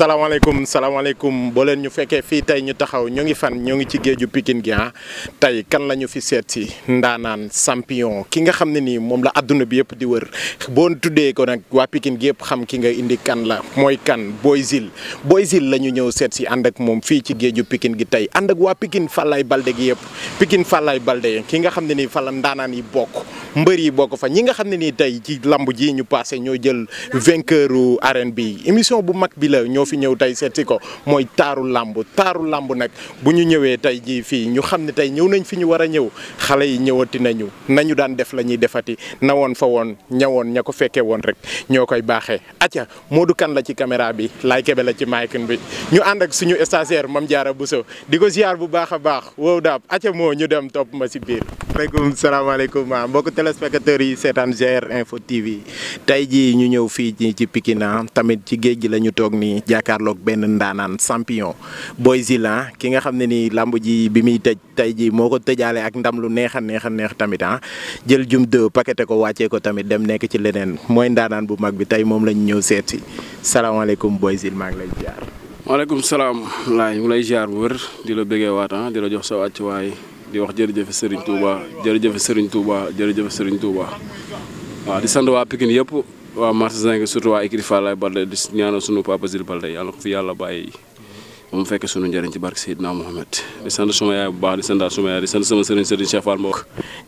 salaamaaleykum salaamaaleykum boo leen ñu fekkee fii tey ñu taxaw ñu ngi fan ñoo ngi ci géeju Pikine gi ah tey kan la ñu fi seet si ndaanaan champion ki nga xam ne nii moom la àdduna bi yëpp di wër boo tuddee ko nag waa Pikine gi yëpp xam ki nga indi kan la mooy kan booy Jules Boy Jules la ñu ñëw seet si ànd ak moom fii ci géeju pikin gi tey ànd ak waa Pikine Falaye balde gi yëpp Pikine Falaye balde ki nga xam ne nii fa la ndaanaan yi bokk mbër yi bokk fa ñi nga xam ne nii tey ci lamb ji ñu passé ñoo jël vainqueur arène bi émission bu mag bi la fi ñëw tey seet ko mooy taaru làmb taaru làmb nag bu ñu ñëwee tey jii fii ñu xam ne tey ñëw nañ fi ñu war a ñëw xale yi ñëwati nañu nañu daan def la ñuy defati na woon fa woon ñawoon ña ko fekkee woon rek ñoo koy baaxee acca Modou kan la ci caméra bi Laye kebe la ci micro bi ñu ànd ak suñu stagiaire Mame Diarra Bousso di ko ziar bu baax a baax wow daab acca moo ñu dem topp ma si biir maaleykum salaamaaleykum mbokk téléspectateurs yi seetaan GR Info TV tey jii ñu ñëw fii ci ci Pikina ah, tamit ci géej gi la ñu toog nii jàkkaarloog benn ndaanaan champion Boy Djilan ki nga xam ne nii lamb ji bi muy tëj tey jii moo ko tëjaale ak ndam lu neex a neex a neex tamit ah jël jum deux paqueté ko wàccee ko tamit dem nekk ci leneen mooy ndaanaan bu mag bi tey moom la ñu ñëw seeti si salaamaaleykum Boy Djilan maa ngi lay jaar. maaleykum salaam laay mu lay jaar bu wër di la bëggee waat ah, di la jox sa wàccuwaay. di wax jërëjëf Serigne Touba jërëjëf Serigne Touba jërëjëf Serigne Touba wa di sant wa Pikine wa Martin Marseille surtout wa Ikri Fallay Balde di ñaanal suñu papa Zil Balde Yalla ko fi yàlla bàyyi mu fekk suñu njëriñ ci bark Seydina Mohamed di sant suma yaay bu baax di sant suma yaay di sant sama Serigne Serigne Cheikh Fall mbokk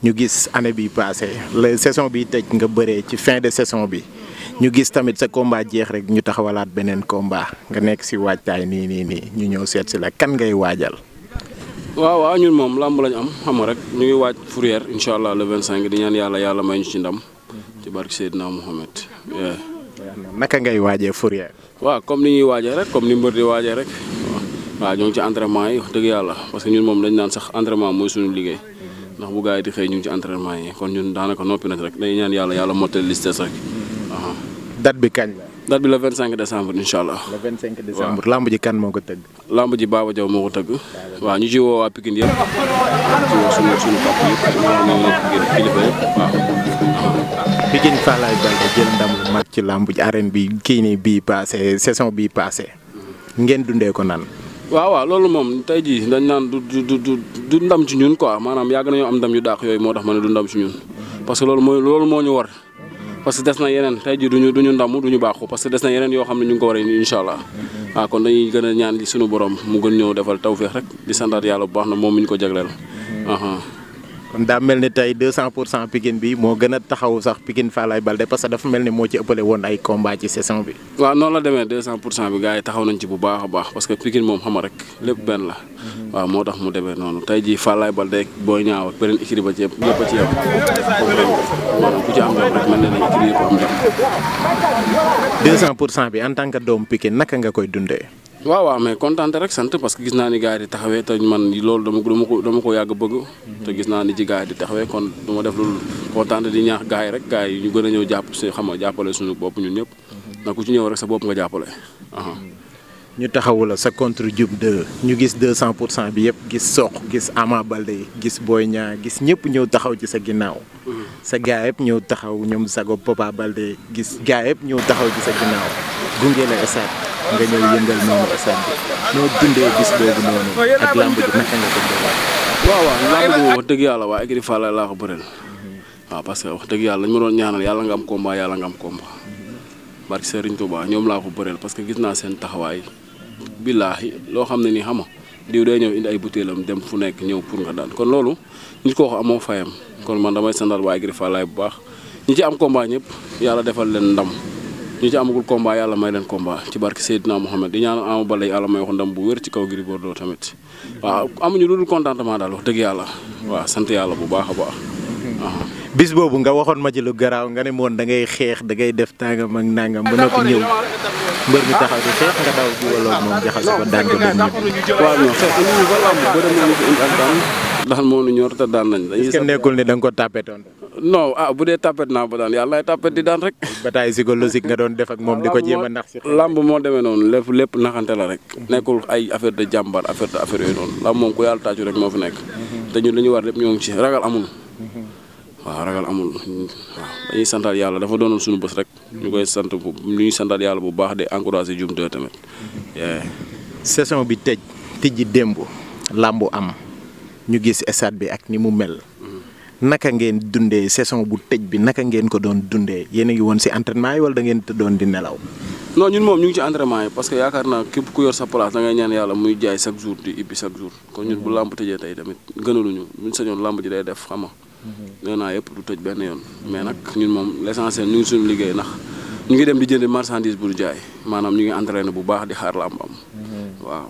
ñu gis année bi passé la saison bi tej nga bëree ci fin de saison bi ñu gis tamit sa combat jeex rek ñu taxawalat benen combat nga nek ci waajtaay ni ni ni ñu ñew seet ci la kan ngay wajal waaw waaw ñun moom làmb lañ am xam nga rek ñu ngi waaj fourrière incha allah vingt cinq di ñaan yàlla yàlla may ñu ci ndam ci barke Seydina Mohamed. naka ngay waajee fourrière. waa comme ni ñuy waajee rek comme ni mbër di waajee rek waa ñoo ngi ci entraînement yi wax dëgg yàlla parce que ñun moom dañ naan sax entraînement mooy suñu liggéey ndax bu gaa yi di xëy ñu ngi ci entraînement yi kon ñun daanaka noppi nañ rek dañuy ñaan yàlla yàlla mottali liste rek. Uh-huh. date bi kañ la. date bi le 25 décembre inshallah le 25 décembre lamb ji kan moko teug lamb ji Baba jaw moko teug wa ñu ci wo wa Pikine yeup ci woo sunu suñu pap yëpp ak ñu ñoo Pikine kilifa yëpp waaw. Pikine Falaye Baldé jël ndam lu mat ci lamb ji arène bi kii nii passé saison bi passé ngeen dundé ko nan. wa wa lolu mom tay ji dañ nan du du du du ndam ci ñun quoi manam yag nañu am ndam yu dàq yoy moo tax ma du ndam ci ñun. parce que lolu moy lolu moo ñu war. parce que des na yeneen tey jii duñu duñu ndamu duñu baaxu parce que des na yeneen yoo xam ne ñu ngi ko war a indi incha allah kon dañuy gën ñaan li suñu borom mu gën ñëw defal tawféex rek di santaat yàlla bu baax na moom mi ñu ko jagleel mhm. kon daa mel ni tey 200 pour cent Pikine bi moo gën a taxaw sax Pikine Falaye Baldé parce que dafa mel ni moo ci ëppale woon ay combat ci saison bi. waaw noonu la demee 200 pour cent bi gars yi taxaw nañ ci bu baax a baax parce que Pikine moom xama rek lépp benn la. waaw moo tax mu demee noonu tey jii Falaye Baldé booy Niang ak beneen écurie ba ci yëpp ku ci am rek mel na ne écurie yëpp am 200 pour cent bi en tant que doomu Pikine naka nga koy dundee. waaw mais kontaan rek sant parce que gis naa ni gars yi di taxawee te man loolu dama ko dama ko yàgg bëgg. Mhm. te gis naa ni ci gars di taxawee kon du ma def loolu kontaan di ñaax gars yi rek gars yi ñu gën a ñëw jàpp si xam nga jàppale suñu bopp ñun ñëpp. Mhm. na ku ci ñëw rek sa bopp nga jàppale. Mhm. ñu taxawu la sa contre Dioup 2 ñu gis deux cent pour cent bi yëpp gis Sokh gis Ama balde gis booy Niang gis ñëpp ñëw taxaw ci sa ginnaaw. sa gars yëpp ñëw taxaw ñoom Sago Papa Baldé gis gars yëpp ñëw taxaw ci sa nga ñëw yëngal noonu noo dundee bis boobu noonu ak lamb ji naka nga ko dundee. waaw waaw dëgg yàlla waa écurie Fallay laa ko que wax dëgg yàlla dañ ma doon ñaanal yàlla nga am combat yàlla nga am combat barke ko Touba ñoom laa ko bëreel parce que gis naa seen taxawaay billaahi loo xam ne nii xama diw day ñëw indi ay butéelam dem fu nekk ñëw pour nga daan kon loolu nit koo ko amoo fayam kon man damay sandal waa écurie Fallay bu baax ñi ci am combat ñëpp yàlla defal leen ndam ñu ci amagul combat yalla may len combat ci barke sayyidina muhammad di ñaan amu balay yalla may wax ndam bu wër ci kaw Gris bordo tamit wa amuñu lu dul contentement dal wax deug yalla wa sant yalla bu baaxa baax bis bobu nga waxon ma ci lu graw nga ne mon da ngay xex da ngay def tangam ak nangam bu nopi ñew mbeur mi taxaw ci xex nga daw ci waloon mom jaxal ci daan ko dem ñëpp waaw non xeex ñu ko lamb bëri nañu ñu indi ak daan moo nu ñor te daan nañ. dañuy est-ce que nekkul ni da nga ko tàppetoon. non ah bu dee tàppet naa ba yàlla doon def ak moom di ko jéem a nax si. lamb moo demee noonu lépp lépp naxante la rek. nekkul ay affaire de jàmbar affaire de affaire yooyu noonu lamb moom ku yàlla tàccu rek moo ñu war lépp ñoo waaw ragal amul waaw dañuy santaat dafa doonoon suñu bés rek. ñu koy sant bu ñu santaat yàlla bu baax de di encouragé jumte tamit. saison bi tëj tijji démb lambu am. ñu gis stade bi ak ni mu mel naka ngeen dundé saison bu tejj bi naka ngeen ko doon dundé yene ngi won ci entraînement wala da ngeen doon di nelaw non ñun mom ñu ngi ci entraînement parce que yaakaar naa képp ku yor sa place da ngay ñaan yalla muy jaay chaque jour di ibi chaque jour kon ñun bu mhm. lamb tëjee tay tamit gënaluñu buñ sañoon lamb ji day def xama mhm. nee yépp du tejj ben yoon mais nak ñun mom l'essentiel ñu suñu liggéey nak ñu ngi dem di jënd marchandise bu jaay manam ñu ngi entraîner bu baax di xaar làmb am mhm. waaw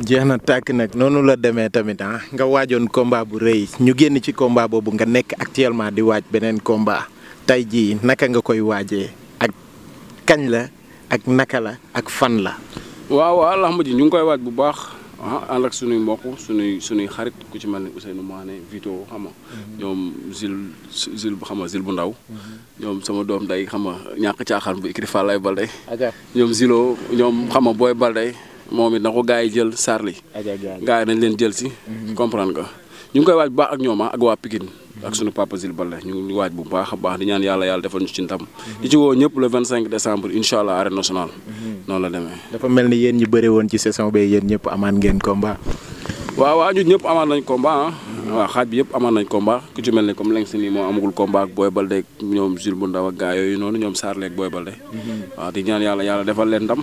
jeex na tàkk nag noonu la demee tamit ah nga waajoon combat bu rëy ñu génn ci komba boobu nga nekk actuellement di waaj beneen komba tey jii naka nga koy waajee ak kañ la ak naka la ak fan la. waaw waaw ji ñu ngi koy waaj bu baax ah ànd ak sunuy mbokk sunuy sunuy xarit ku ci mel ni Ousseynou Mané Vito xam nga mhm. ñoom Zil Zil bu xam nga Zil bu ndaw. Mhm. ñoom sama doom day xam nga ñàkk caaxaan bu Ikri Fallay Balde. ñoom Zilo ñoom xam nga Boy Balde. moom it na ko gars yi jël Sarli. gars yi nañ leen jël si. Mhm. comprendre nga ñu ngi koy waaj bu baax ak ñoom ah, ak waa Pikine. ak sunu papa Zil Balla ñu ngi waaj bu baax a baax di ñaan yàlla yàlla defal ñu ci ndam. Mhm. di ñëpp le 25 décembre incha allah arène nationale. Mhm. noonu la demee. dafa mel ni yéen ñi bëri woon ci saison bi yéen ñëpp amaan ngeen combat. waaw waaw ñun ñëpp amaan nañ combat ah. waaw xaaj yëpp amaan nañ combat ku ci mel ne comme leng si nii moo amagul combat ak Boy Baldé ñoom Zil bu ndaw yooyu noonu ñoom Sarli ak Boy Baldé. waaw di ñaan yàlla yàlla defal leen ndam.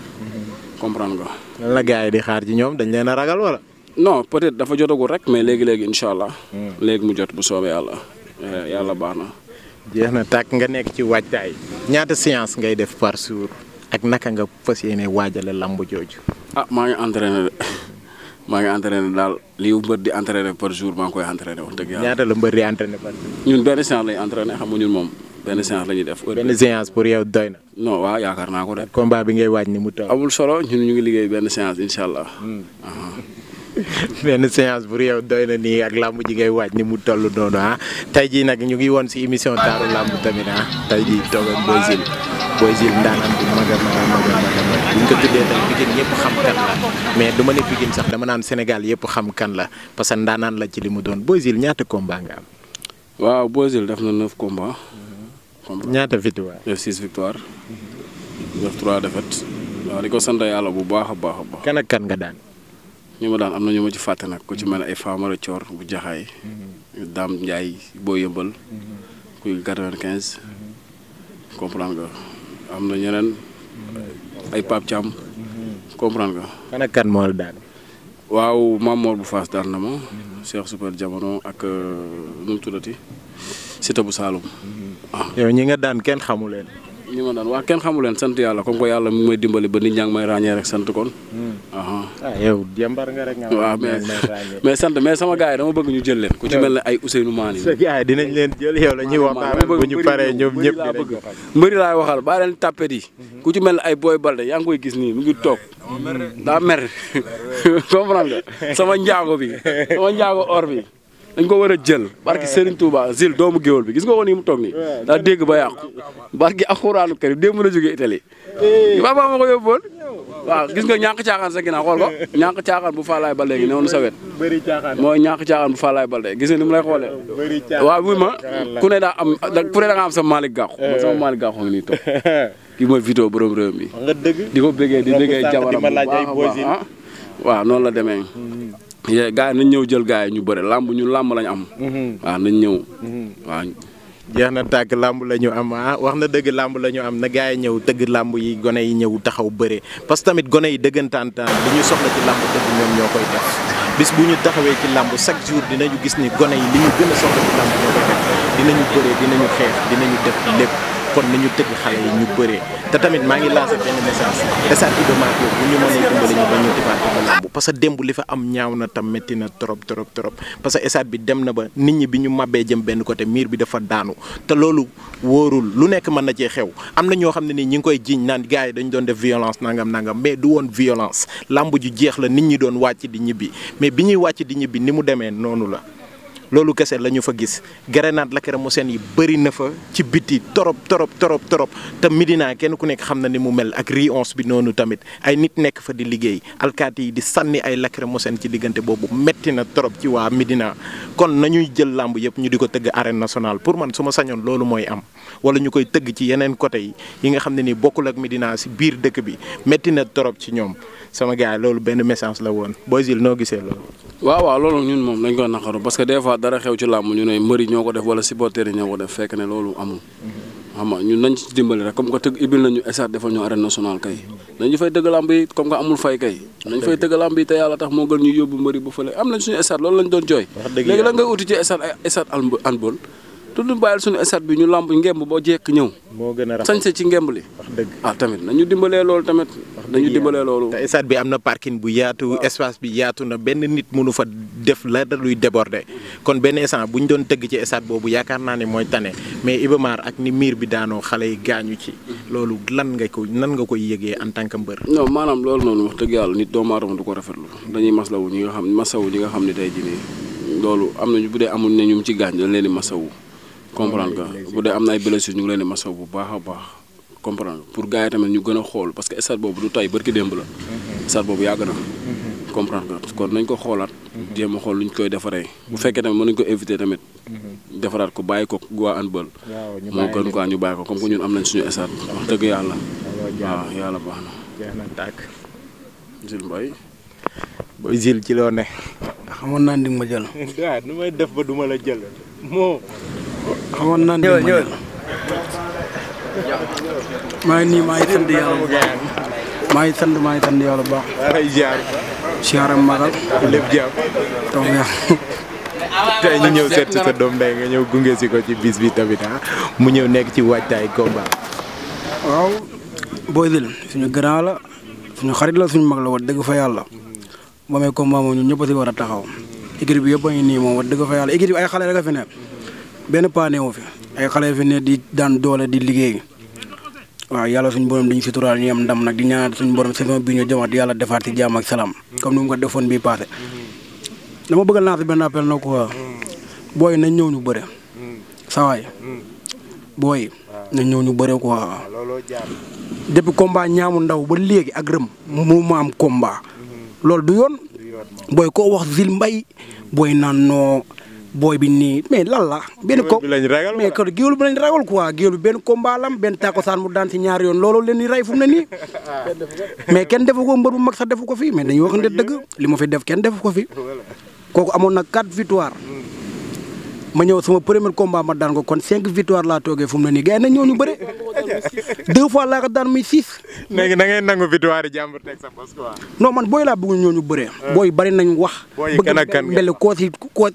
comprendre nga. lan la gars yi di xaar ji ñoom dañ leen a ragal wala. non peut-être dafa jotagul rek mais léegi léegi incha allah. Hmm. léegi mu jot bu soobee yàlla eh, yàlla baax na. jeex na tàkk nga nekk ci waajtaay ñaata séance ngay def par jour ak naka nga fas yéene waajale lamb jooju. ah maa ngi entraîné de maa ngi entraîné daal li mbër di entraîné par jour maa ngi koy entraîné wax dëgg ñun benn séance lay entraîné xam nga ñun moom. ben séance lañu def. ben séance pour yow doyna non wa yaakaar nako ko combat bi ngay waaj ni mu taw. amul solo ñun ñu ngi liggéey ben séance incha allah. Hmm. Ah. benn séance pour yow doy na nii ak làmb ji ngay waaj ni mu toll noonu ah tey jii nag ñu ngi woon si émission taaru làmb tamit ah tey jii toog ak Boy Jules Boy Jules ndaanaan bu mag a mag a mag a mag bu ñu ko tuddee tey Pikine ñëpp xam kan la mais du ma ne Pikine sax dama naan Sénégal yëpp xam kan la parce que ndaanaan la ci li doon Boy ñaata combat nga am. waaw Boy def na neuf combat. combat ñaata victoire. def six victoire. def waaw di ko sant yàlla bu baax a baax a baax. kan nga daan. ñu ma daan am na ñu ma ci fàtte nag ku ci mel ne ay Famara Coor bu Jaxaay. Mhm. Dame Ndiaye boo yëmbal. Mhm. kuy quatre-vingt-quinze. comprendre nga am na ñeneen. Mhm. ay Pape Thiam. comprendre nga. kan moo la daan. waaw Mamor bu Faas daan na ma. Cheikh Super Jamono ak euh, nu mu tuddati Sita bu Saloum. Ah. yow ñi nga daan kenn xamu leen. ñi ma daan waa kenn xamu leen sant yàlla comme ko yàlla mu ngi may dimbali ba nit ñaa ngi may ràññee rek sant kon. Hmm. ah yow jàmbar nga mais sant mais sama gars yi dama bëgg ñu jël leen. ku ci mel ne ay Ousseynou Mane. sa gars yi leen jël yow la ñuy waxtaan bu ñu paree ñoom ñëpp dinañ ko xam. mbëri waxal baa leen tàppet mhm. ku ci mel ne ay booy Balde yaa ngi koy gis nii mu ngi toog. daa mer comprendre nga sama njaago bi sama njaago or bi. dañ ko war a jël barki Serigne Touba Zil doomu géwél bi gis nga woon ni mu toog nii daa dégg ba yàqu barki alxuraanu karim démb la jógee Italie baba eh. ma ko yóbboon waaw gis nga ñàkk caaxaan sa ginnaaw xool ko ñàkk caaxaan bu faalaay ba léegi newoon sa wet mooy ñàkk caaxaan bu faalaay ba léegi gis nga ni mu lay xoolee waaw bu ma ku ne daa am ku da nga am sa Malick Gakou man eh. sama Malick Gakou ngi nii toog kii mooy vidéo borom réew mi di ko bëggee di bëggee jabaram bu baax ah. waaw noonu la demee hmm. yee gars yi nañ ñëw jël gars yi ñu bëre làmb ñu làmb lañ am. Mhm. waaw nañ ñëw. Mhm. waaw. jeex na tàgg làmb la ñu am ah wax na dëgg làmb la ñu am na gars yi ñëw tëgg làmb yi gone yi ñëw taxaw bëre parce que tamit gone yi dëggantaan taan li ñu soxla ci làmb dëgg ñoom ñoo koy def bis bu ñu taxawee ci làmb chaque jour dinañu gis ni gone yi li ñu gën soxla ci làmb ñoo koy def dinañu bëree dinañu xeex dinañu def lépp. kon nañu tegg xalé yi ñu bëré té tamit ma ngi lancer ben message stade do ma ko bu ñu mëne dimbali ñu bañu lamb parce que li fa am ñaaw na tam metti na trop trop trop parce que état bi dem na ba nit ñi bi ñu màbbee jëm ben côté miir bi dafa daanu té lolu worul lu nekk man na ci xew am na ñoo xam ñi ngi koy jiñ naan gaay dañ doon def violence nangam nangam mais du won violence lamb ju jeex la nit ñi doon wacc di ñibi mais bi wacc di ñibi ni mu démé nonu la loolu kese la ñu fa gis grenade lacrymogène yi bëri na fa ci biti torop torop torop torop te Médina kenn ku nekk xam na ni mu mel ak rue onze bi noonu tamit ay nit nekk fa di liggéey alkaati yi di sànni ay lacrymogène ci diggante boobu metti na torop ci waa Médina kon nañuy jël làmb yëpp ñu di ko tëgg arène nationale pour man suma sañoon loolu mooy am wala ñu koy tëgg ci yeneen côté yi yi nga xam ne ni bokkul ak Médina si biir dëkk bi metti na torop ci ñoom sama gars loolu benn message la woon Boy Jules gisee loolu. dara xew ci làmb ñu ne mbëri ñoo ko def wala supporters yi ñoo ko def fekk ne loolu amul xam nga ñun nañ ci dimbali rek comme que tëgg ibil nañu estat defal ñu arène nationale kay nañu fay tëgg làmb comme que amul fay kay nañ fay tëgg làmb te yàlla tax moo gën ñu yóbbu mbëri ba fële am nañ suñu estat loolu lañ doon jooy léegi la ngay uti ci estat ay estat tuddu bayal suñu estat bi ñu lamb ngemb bo jek ñew mo gëna sañ sé ci ngemb li wax deug ah tamit nañu dimbalé lool tamit dañu dimbalé lool té estat bi amna parking bu yaatu espace bi yaatu na ben nit mënu fa def la luy déborder kon ben instant buñ doon tegg ci estat bobu yaakar na ni moy tané mais ibamar ak ni mur bi daano xalé gañu ci loolu lan nga ko nan nga koy yégué en tant que mbeur non manam lool non wax deug yalla nit do ma ram du ko rafetlu dañuy maslawu ñi nga xam masawu ñi nga xam ni tay jini lolu amna ñu budé amul ne ñum ci gañ dañ leen massaw comprendre nga bu dee am na ay blessures ñu ngi leen di massa bu baax a baax comprendre pour gars yi tamit ñu gën a xool parce que stade boobu du tay barki démb la mhm. stade boobu yàgg na mhm. comprendre nga kon nañ ko xoolaat mhm. jéem a xool luñ koy defaree bu fekkee tamit mën nañ ko éviter tamit defaraat ko bàyyi ko an handball moo gën quoi ñu bàyyi ko comme que ñun am nañ suñu stade wax dëgg yàlla waaw yàlla baax na jeex na tàkk Zil Mbaye ba Zil ci loo ne xamoon naa ni ma jël nu may def ba duma la jël moo xamoon naa ne maa ngi nii maa ngi sant yàlla bu baax maa ngi sant maa ngi sant yàlla bu baax. siyaaram magal lépp jàpp taw tey ñu ñëw seet si sa doom day nga ñëw gunge si ko ci bis bi tamit ah mu ñëw nekk ci waajtaay combat. waaw Boy Dil suñu grand la suñu xarit la suñu mag la wax dëgg fa yàlla moomee combat moom ñun ñëpp a si war a taxaw équipe bi yëpp a ngi nii moom wax dëgg fa yàlla équipe ay xale rek a fi nekk. ben pané wo fi ay xalé fi né di dan doole di liggéey wa yalla suñu borom diñ fi tural ñam ndam nak di ñaanal suñu borom saison bi ñu jëmat yalla défar ci jamm ak salam comme ñu ko defoon bi passé dama bëgg lancer ben appel na quoi booy nañ ñëw ñu bëre sawaay boy na ñëw ñu bëré quoi depuis combat ñaamu ndaw ba légui ak rëm mu ma am combat loolu du yoon boy ko wax zil mbay boy nan no booy bi nii mais lan la. benn ko mais kër géwél bi lañ ragal quoi géwél bi benn combat lam benn takkusaan mu daan si ñaari yoon looloo leen di rey fu nii. mais kenn defu ko mbër bu mag sax defu ko fi mais dañuy wax ne dëgg li ma fi def kenn defu ko fi kooku amoon na quatre victoire. Hmm. ma ñëw sama premier combat ma daan ko kon cinq victoire laa toogee fu mu nii gars yi nañ deux fois la ko mi six. léegi na ngay nangu victoire jambour tek sa boss quoi. non man boy la bëgg ñu bëré euh. boy bari nañ wax. booy yi kan ak kan bëgg ko si koo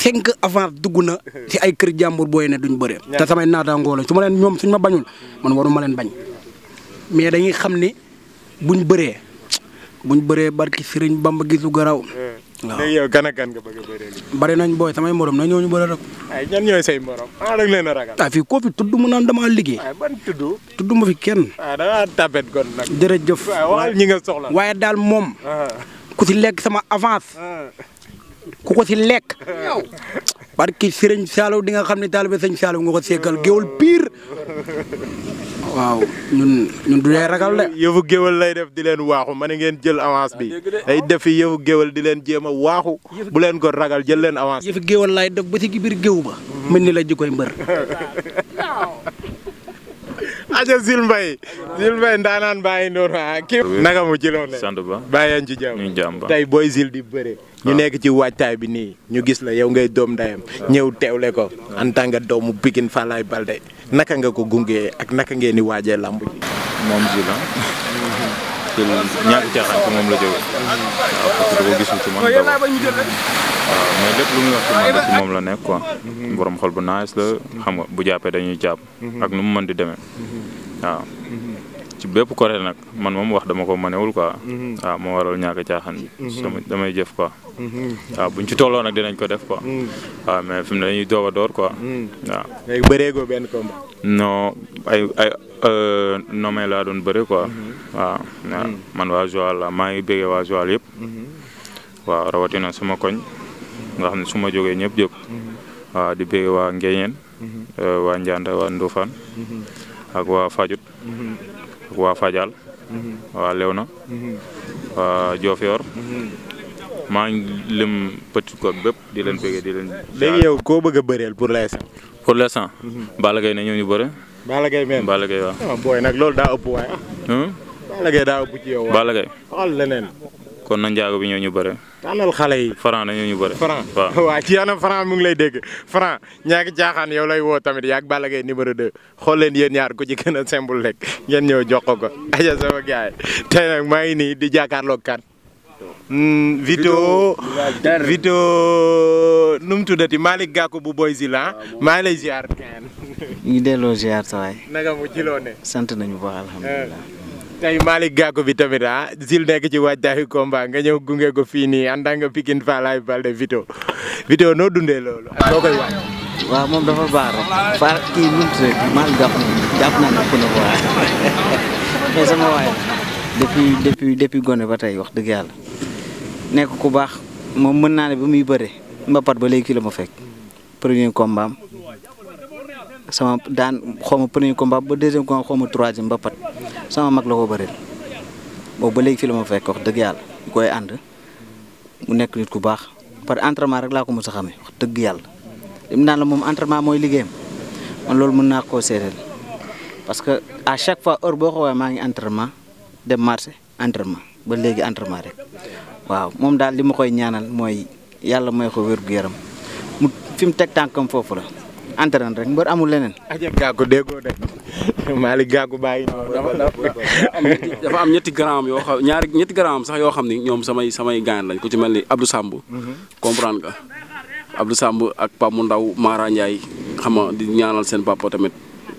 cinq avant duguna ci ay kër jambour boy ne duñ bëré ta sama naataangoo ngol su len ñom ñoom suñ ma bañul man waru ma len bañ mais dañuy xamni buñ bëré buñ bëré barki serigne Bamba gisu garaw euh. waaw gan ak gan bari nañ booy sama morom na ñooñu bëri rek. ay say morom. Ah, a ragal. ah fii koo fi tudd mu naan damaa liggéey. ay ban ma fi kenn. ah da ngaa tapet kon waaye nga soxla. waaye daal moom. Ah. ku si lekk sama avance. Ah. ku ko si lekk. yow. barki Sëriñ Saliou di nga xam ne taalibe Sëriñ Saliou nga ko sekkal géwal pire. waaw ñun ñun du leen ragal de. yëfu géwal lay def di leen waaxu ma ngeen jël avance bi ah, day def fi yëfu géwal di leen jéem a waaxu bu leen ko ragal jël leen avance. yëfu géwal lay def ba ci biir géew ba. mën ni la jikoy mbër. aja Zil Mbaye Zil Mbaye ndaanaan baa ngi noonu ah kii. naka mu ci loolu sant ba bàyyi leen ci ñu jàmm ba tey Zil di bëre. ñu ah. nekk ci waajtaay bi nii ñu gis la yow ngay doom ndayam ah. ñëw teewle ko en tant que doomu Pikine Falaye Balde. naka nga ko gungee ak naka ngeen di waajee làmb ji. moom ji la ci ñaari caaxaan ci moom la jógee waaw parce que da ko gisul ci man d' waaw mais lépp lu muy wax ci moom la nekk quoi. Mhm. borom xol bu naas la xam nga bu jàppee dañuy jàpp. Mhm. ak nu mu mën di demee mhm. waaw. ci bépp côté nag man moom wax dama ko manewul quoi. Mhm. waaw moo waral ñàkk a caaxaan bi. Mhm. sama damay jëf quoi. Mhm. buñ ci tolloo nag dinañ ko def quoi. mais fi mu ne dañuy doog a door quoi. waaw léegi bëreegoo euh, laa doon bëre quoi. man waa Joal la maa ngi bëggee waa Joal yëpp. waaw rawatina suma koñ. nga xam ne su ma jógee ñëpp jóg. di bëggee wa Ngéyeen. waa Ndianda euh, waa Ndofane. ak waa Fajut. ak waa Fadial mm-hmm. waa Léona mm-hmm. waa Diofior mm-hmm. maa ngi lim petit ko bépp di leen bëggee di leen. léegi yow koo bëgg a bëreel pour l'instant. pour l'instant. Ah. Balla ne ñoo ñu bëre. Balla Gaye ah, booy nag loolu daa ëpp waaye. Hmm? Balla Gaye daa ëpp ci yow. Balla Gaye kon na njaago bi ñoo ñu bëre tanal xalé yi franc na ñoo ñu bëre franc wa ci yanam franc mu ngi lay dégg franc ñaaki jaaxaan yow lay wo tamit yaak balagay numéro 2 xol leen yeen ñaar ku ci gëna a simple rek ngeen ñëw jox ko aja sama gaay tay nak may ni di jaakarlo kan hmm, Vito Vito num tudati malik gako bu Boy Zila maa lay ziar kan ñi ngi ziar sa naga mu ci loo ne sant nañu ba alhamdullilah eh tay malik Gakou bi tamit ha zil nek ci wajjahi combat nga ñew gunge ko fi ni ànd nga Pikine video bal de vidéo vidéo no dundé lolu noo koy wañ wa mom dafa bar bar ki ñun rek mal Gakou jàpp naa na ku ne ko waaye mais sama way depuis depuis depuis gone ba tay wax deug yalla nek ku bax mom mën na ne bu muy mbapat ba lay fekk premier combat sama daan xaw ma ko combat ba deuxième combat xaw ma troisième ba pat sama mag la ko bëreel boobu ba léegi fii la ma fekk wax dëgg yàlla ñu koy ànd mu nekk nit ku baax par entraînement rek laa ko mos a xamee dëgg yàlla lim naan la moom entraînement mooy liggéeyam loolu mën naa koo seedeel parce que à chaque fois heure boo xoolee maa ngi entraînement dem marché entraînement ba léegi entraînement rek waaw moom daal li ma koy ñaanal mooy yàlla may ko wér gu yaram mu fi mu teg tànkam foofu la. entraîne rek mbër amul leneen. ajab gàggu déggoo de Malick gàggu bàyyi. dafa am ñetti grammes yoo xam ñaari ñetti grammes sax yoo xam ni ñoom samay samay gaañ lañ ku ci mel ni Abdou Samb. Mhm. comprendre nga Abdou Samb ak Pape Ndaw Mara Ndiaye xam di ñaanal seen papa tamit.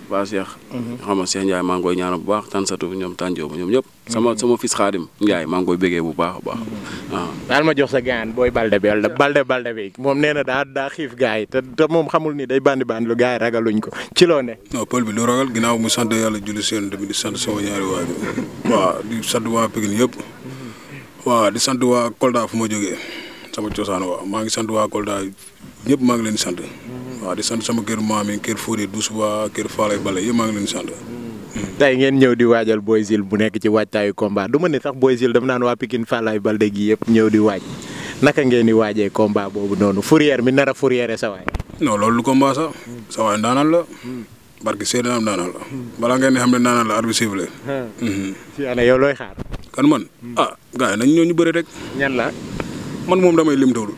ba Cheikh mhm. xam nga Cheikh Ndiaye maa ngi koy bu baax tan satu ñoom tànjoobu ñoom ñëpp sama mhm. sama fils Xaadim Ndiaye maa ngi koy bégee bu baax bu baax waaw mhm. ah. daal ma jox sa gaan booy balde bi balde balde moom nee na daa daa xiif gars yi te moom xamul ni day bandi bandi lu gars yi ragaluñ ko ci loo ne non pël bi lu ragal ginnaaw mu sant yàlla julli seen tamit di sant sama ñaari waajur waaw di sant waa Pikine yëpp waaw di sant waa Kolda fu ma jógee sama cosaan waaw maa ngi sant waa Kolda ñëpp maa ngi leen sant waaw di sant sama kër maam yi kër Fodé Doussouba kër Faalay Bale yëpp maa ngi leen sant. tey ngeen ñëw di waajal Boy Jules bu nekk ci waajtaayu combat du ma ne sax Boy Jules dama naan waa Pikine Falaye Baldé gi yëpp ñëw di waaj naka ngeen di waajee combat boobu noonu fourrière mi nar a fourrière sa waay. non loolu lu sax sa ndaanaan la barki Seydina am ndaanaan la balaa ngeen di xam ne ndaanaan la arbitre sifflé. Hmm. si ana yow looy xaar. kan man ah gars yi nañ ñoo ñu bëri rek. ñan la. man moom damay lim tur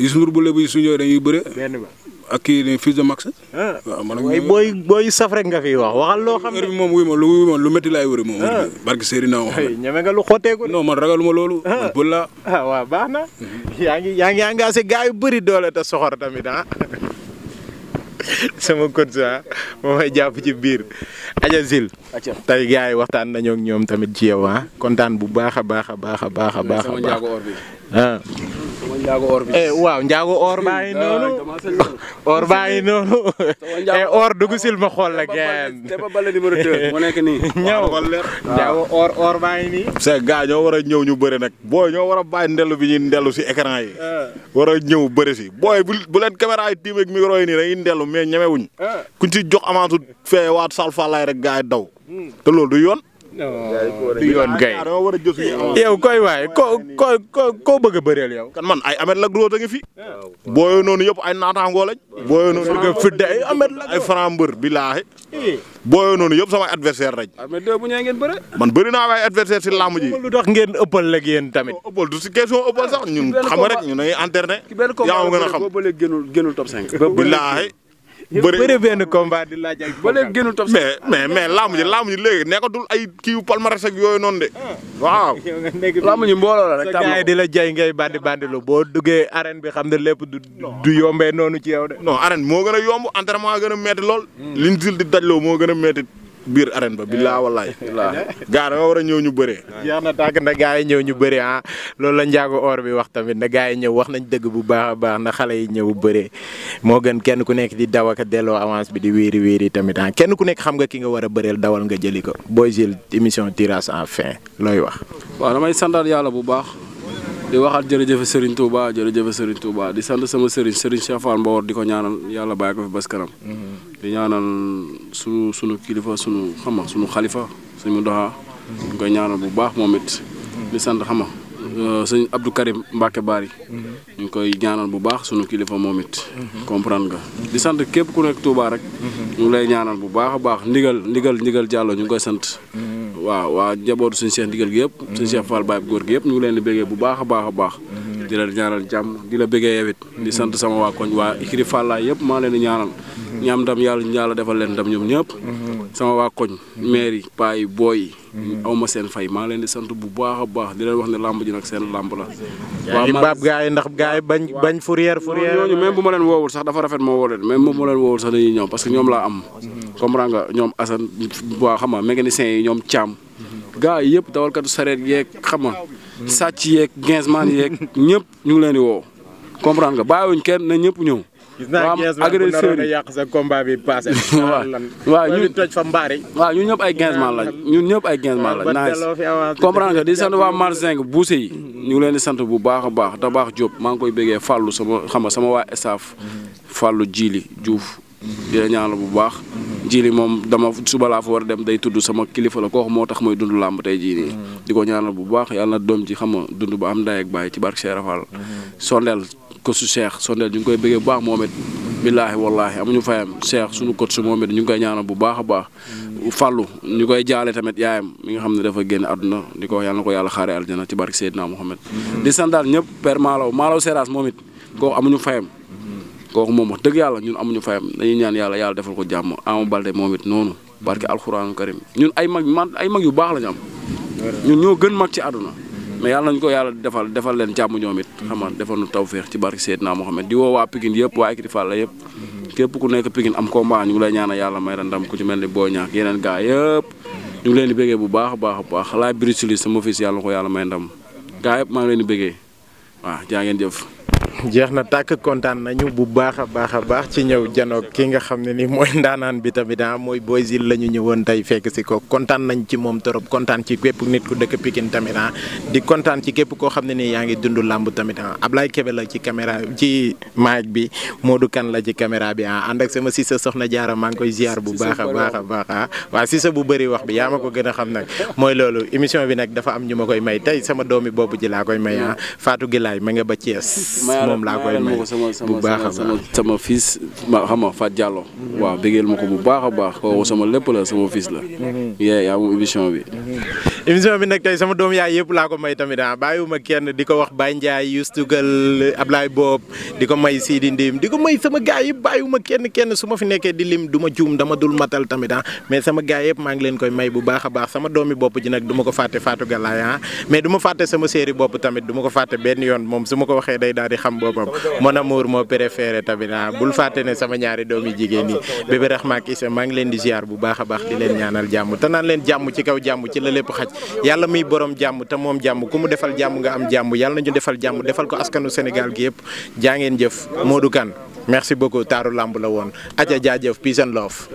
Youssou Ndour bu lebu su ñëwee dañuy bëre. benn ba ak kii ni fils de max. Ah. waaw man ak mooy booy booy saf rek nga fi wax waxal lu wuy lu métti laay wëri moom. Ah. barke Serigne Ndao. ñeme nga lu xotteeku de. non man ragaluma loolu. Ah. man bël laa. ah waaw baax na. Mhm. yaa ngi yaa ngi engagé gars yu bëri doole te soxor tamit ah. sama coach ah may jàpp ci Zil. tey gars yi waxtaan nañoo ak ñoom tamit ci yow ah kontaan bu baax a baax a baax sama or bi Eh, waaw njaago or baa ngi ah, noonu or baa ngi noonu eh, or sil ma xool la geen ñëw njaago or or baa ngi nii ñoo war ñëw ñu bëri nag booy ñoo war a bàyyi ndellu bi ñuy ndellu si écran yi ah. war ñëw bëri si booy bu leen caméra yi tiim ak micro yi nii dañuy ndellu mais ñemewuñ ah. kuñ si jox amaatu fee waat salfalaay rek gars yi daw hmm. te loolu du yoon du yoon gay yow koy waaye ko ko ko koo bëgg bëreel yow. kan man ay amet la gros da ngi fi. booyoo noonu yëpp ay naataangoo lañ. booyoo noonu nga fidde ay amet la ay franc mbër billaahi. booyoo noonu yëpp samay adversaire lañ. mais bu ngeen man bëri naa waaye adversaire si làmb ji. lu tax ngeen ëppal la ak yéen tamit. ëppal du si question ëppal sax ñun xam rek ñu ngi internet. yaa ngi gën a xam ki benn combat boo bëlee gënul gënul top 5. billaahi bëri benn combat di laaj ak ba léegi gënul top mais mais mais laamu ji laamu ji léegi nekkatul ay kii yu palmarès yooyu noonu de. Ah. waaw laamu ji mbooloo la rek. gars di la jay ngay bandi bandi lu boo duggee arène bi xam ne lépp du du yombee noonu ci yow de. non arène moo gën a yomb entraînement gën a métti lool. Hmm. liñ dil di dajloo moo gën a biir arène ba billaa wallaay. gaa da war a ñëw ñu bëree. jeex na tàgg na gaa yi ñëw ñu bëree ah loolu la njaago or bi wax tamit na gaa yi ñëw wax nañ dëgg bu baax a baax na xale yi ñëw bëree moo gën kenn ku nekk di daw ak delloo avance bi di wéeri wéeri tamit ah kenn ku nekk xam nga ki nga war a bëreel dawal nga jëli ko booy Jules émission tirage en fin looy wax. waaw damay santal yàlla bu baax. di waxaat jërëjëf Serigne Touba jërëjëf Serigne Touba di sant sama Serigne si Cheikh Fall Mbawar di ko ñaanal yàlla bàyyi ko fi bas kanam. Mm-hmm. di ñaanal sunu kilifa sunu xama sunu xalifa suñu doxaa. di koy ñaanal bu baax moom it. di sant xama Euh, sëñ Abdou Karim Mbacke Bari ñu ngi koy ñaanal bu baax suñu kilifa moom it. comprendre nga di sant képp ku nekk Touba rek. ñu ngi lay ñaanal bu baax a baax ndigal ndigal ndigal Diallo ñu ngi koy sant. Mm-hmm. waaw waa njabootu suñ seen ndigal gi yëpp. Mm-hmm. suñu Cheikh Fall Baye góor gi yëpp ñu ngi leen di bu baax a baax a baax. di la ñaanal jàmm di la bëggee yewit di sant sama waa koñ waa ikri fàllaay yëpp maa leen di ñaanal mhm. ñaam ndam yàlla yàlla defal leen ndam ñoom ñëpp mhm. sama waa koñ mhm. maire yi paa yi booy yi aw ma seen fay maa leen di sant bu baax a baax di leen wax ne lamb ji nag seen lamb la waa ma gaa gaay ndax gaay bañ bañ fourrière fourrière ñooñu même bu ma leen woowul sax dafa rafet moo woo leen même bu ma leen woowul sax dañuy ñëw parce que ñoom laa am comprendre nga ñoom Assane waa xam nga mécanicien yi ñoom caam gaa yi yëpp dawalkatu sareet yeeg xam nga sàcc yeeg gainsman yeeg ñëpp ñu ngi leen di woo comprendre nga bàyyiwuñ kenn na ñëpp ñëw. gis naa gainsman bu yàq sa combat bi passé. waaw waaw ñun toj fa mbaar yi. waaw ñun ñëpp ay gainsman la ñun ñëpp ay gainsman la naaj comprendre nga di sant waa Marzinc buuse yi. ñu ngi leen di sant bu baax a baax da baax jóob maa ngi koy bëggee Fallou sama xam nga sama waa staff Fallou Djili Diouf di la ñaanal bu baax. jili moom dama suba laa fa war dem day tudd sama kilifa la koo xam moo tax mooy dund làmb tey jii nii. Mm-hmm. di ko ñaanal bu baax yàlla na doom ji xam nga dund ba am ndaay ak baay ci barke Cheikh Rafal. Mm-hmm. sondeel ko su ñu ngi koy bëggee baax moom it. billaahi wallaahi amuñu fayam Cheikh suñu kot su moom it ñu ngi koy ñaanal bu baax a baax. Mm-hmm. fàllu ñu koy jaale tamit yaayam mi nga xam ne dafa génn àdduna di ko yàlla ko yàlla xaaree aljana ci barke Seydina Mohamed. di sandaal ñëpp Père Malaw Malaw Seras moom it koo amuñu fayam koku mom wax deug yalla ñun amuñu fayam dañuy ñaan yalla yalla defal ko jamm amu balde momit nonu barke alxuraanu karim ñun ay mag man ay mag yu bax la ñu am ñun ñoo gën mag ci aduna mais yalla ñu ko yalla defal defal leen jamm ñomit xamal defal nu tawfiq ci barke sayyidna muhammad di wo wa pigine yep wa Ekiti Fall la yëpp képp ku nekk pigine am combat ñu lay ñaan yalla may la ndam ku ci melni ni Boy Niang yeneen gaa ñu leen di bëggee bu baax baax baax laay Bruce Lee sama fils yàlla ko yalla may ndam gaa yep ma ngi leen di bëggee waaw jaa ngeen jëf jeex na tàkk kontaan nañu bu baax a baax a baax ci ñëw janoog ki nga xam ne nii mooy ndaanaan bi tamit ah, mooy Boy Jules ñëwoon tey fekk si ko kontaan nañ ci moom trop kontaan ci képp nit ku dëkk Pikine tamit ah di kontaan ci képp koo xam ne nii yaa ngi dund làmb tamit ah Ablaye Kébé la ci caméra ci mic bi Modou Kane la ci caméra bi ah ànd ak sama Cissé soxna Diarra koy ziar bu baax a baax a baax ah bu bëri wax yaa ma ko gën a xam nag mooy loolu émission bi nag dafa am ñu ma koy may tey sama doomi boobu ji laa koy may faatu ah. Fatou Gilaay ma nga ba Thiès moom laa koy may bu baax a sama sama fils ma xam nga Fat Diallo. waaw bëggeel ma ko bu baax a baax kooku sama lépp la sama fils la. Mhm. yee yaa moom émission bi. Mhm. émission bi nag tey sama doom yaay yëpp laa ko may tamit ah bàyyiwuma kenn di ko wax Baye Ndiaye Youssou Tougal Ablaye Bob di ko may Sidi di ko may sama gaay yëpp bàyyiwuma kenn kenn ma fi nekkee di lim du ma juum dama dul matal tamit ah mais sama gaay yëpp maa ngi leen koy may bu baax a baax sama doomi bopp ji nag du ma ko fàtte Fatou Galaye ah mais du fàtte sama série bopp tamit du ko fàtte benn yoon moom su ko waxee day daal di xam xam boppam mon amour moo préféré tamit ah bul fàtte ne sama ñaari doomi jigéen yi bébé Rahma ak Issa maa ngi leen di ziar bu baax a baax di leen ñaanal jàmm te naan leen jàmm ci kaw jàmm ci la lépp xaj yàlla muy borom jàmm te moom jàmm ku mu defal jàmm nga am jàmm yàlla nañu defal jàmm defal ko askanu Sénégal gi yëpp jaa ngeen jëf Modou Kane merci beaucoup taaru làmb la woon aja jaajëf peace and love